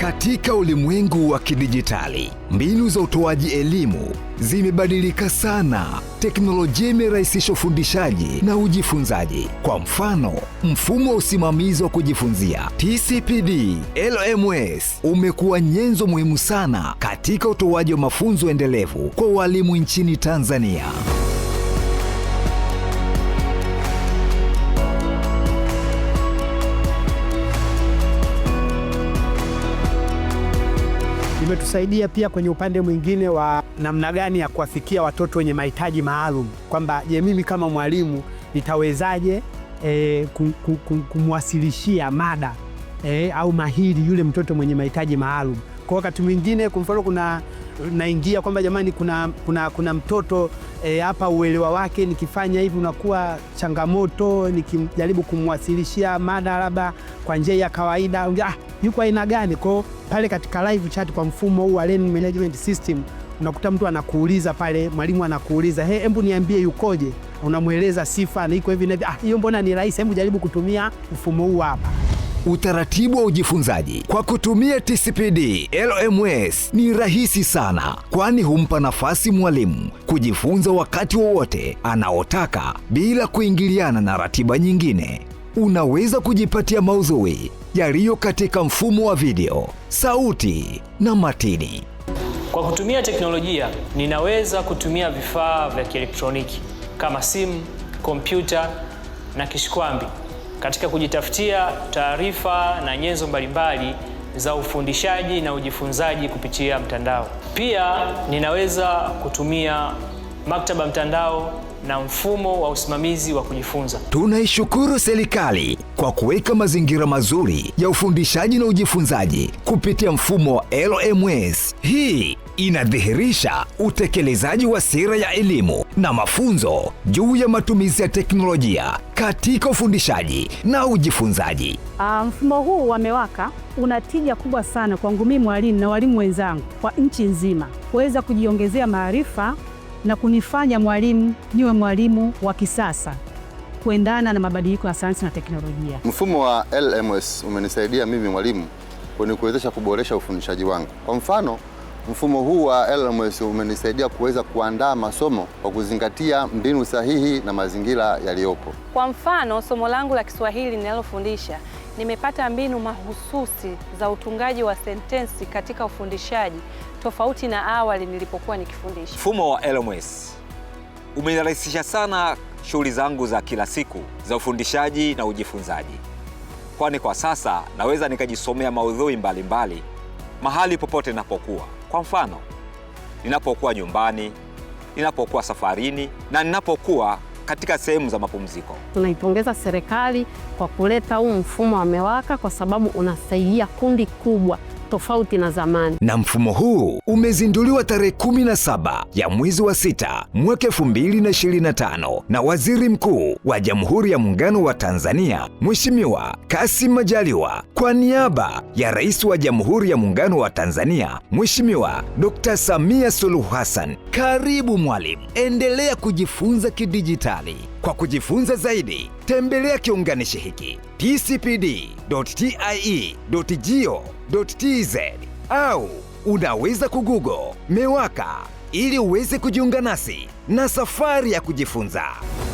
Katika ulimwengu wa kidijitali, mbinu za utoaji elimu zimebadilika sana. Teknolojia imerahisisha ufundishaji na ujifunzaji. Kwa mfano, mfumo wa usimamizi wa kujifunzia TCPD LMS umekuwa nyenzo muhimu sana katika utoaji wa mafunzo endelevu kwa walimu nchini Tanzania. imetusaidia pia kwenye upande mwingine wa namna gani ya kuwafikia watoto wenye mahitaji maalum, kwamba je, mimi kama mwalimu nitawezaje e, kumwasilishia mada e, au mahiri yule mtoto mwenye mahitaji maalum. Kwa wakati mwingine, kwa mfano kuna naingia kwamba jamani, kuna, kuna, kuna mtoto eh, hapa e, uelewa wake nikifanya hivi unakuwa changamoto, nikijaribu kumwasilishia mada labda kwa njia ya kawaida ah, yuko aina gani kwao pale katika live chat, kwa mfumo huu wa learning management system unakuta mtu anakuuliza pale, mwalimu anakuuliza hey, hebu niambie yukoje, unamweleza sifa na iko hivi na hivi. Ah, hiyo mbona ni rahisi, hebu jaribu kutumia mfumo huu hapa. Utaratibu wa ujifunzaji kwa kutumia TCPD LMS ni rahisi sana, kwani humpa nafasi mwalimu kujifunza wakati wowote anaotaka bila kuingiliana na ratiba nyingine. Unaweza kujipatia maudhui yaliyo katika mfumo wa video, sauti na matini. Kwa kutumia teknolojia, ninaweza kutumia vifaa vya kielektroniki kama simu, kompyuta na kishikwambi katika kujitafutia taarifa na nyenzo mbalimbali za ufundishaji na ujifunzaji kupitia mtandao. Pia ninaweza kutumia maktaba mtandao na mfumo wa usimamizi wa kujifunza. Tunaishukuru serikali kwa kuweka mazingira mazuri ya ufundishaji na ujifunzaji kupitia mfumo wa LMS. Hii inadhihirisha utekelezaji wa sera ya elimu na mafunzo juu ya matumizi ya teknolojia katika ufundishaji na ujifunzaji. Uh, mfumo huu wa MEWAKA una tija kubwa sana kwangu mimi mwalimu na walimu wenzangu kwa nchi nzima kuweza kujiongezea maarifa na kunifanya mwalimu niwe mwalimu wa kisasa kuendana na mabadiliko ya sayansi na teknolojia. Mfumo wa LMS umenisaidia mimi mwalimu kwenye kuwezesha kuboresha ufundishaji wangu. Kwa mfano Mfumo huu wa LMS umenisaidia kuweza kuandaa masomo kwa kuzingatia mbinu sahihi na mazingira yaliyopo. Kwa mfano, somo langu la Kiswahili ninalofundisha nimepata mbinu mahususi za utungaji wa sentensi katika ufundishaji tofauti na awali nilipokuwa nikifundisha. Mfumo wa LMS umenirahisisha sana shughuli zangu za kila siku za ufundishaji na ujifunzaji, kwani kwa sasa naweza nikajisomea maudhui mbalimbali mbali, mahali popote napokuwa. Kwa mfano, ninapokuwa nyumbani, ninapokuwa safarini na ninapokuwa katika sehemu za mapumziko. Tunaipongeza serikali kwa kuleta huu mfumo wa MEWAKA kwa sababu unasaidia kundi kubwa tofauti na zamani. Na mfumo huu umezinduliwa tarehe 17 ya mwezi wa sita mwaka 2025 na Waziri Mkuu wa Jamhuri ya Muungano wa Tanzania Mheshimiwa Kassim Majaliwa kwa niaba ya Rais wa Jamhuri ya Muungano wa Tanzania Mheshimiwa Dr. Samia Suluhu Hassan. Karibu mwalimu, endelea kujifunza kidijitali. Kwa kujifunza zaidi, tembelea kiunganishi hiki tcpd.tie.go tz au unaweza kugoogle MEWAKA ili uweze kujiunga nasi na safari ya kujifunza.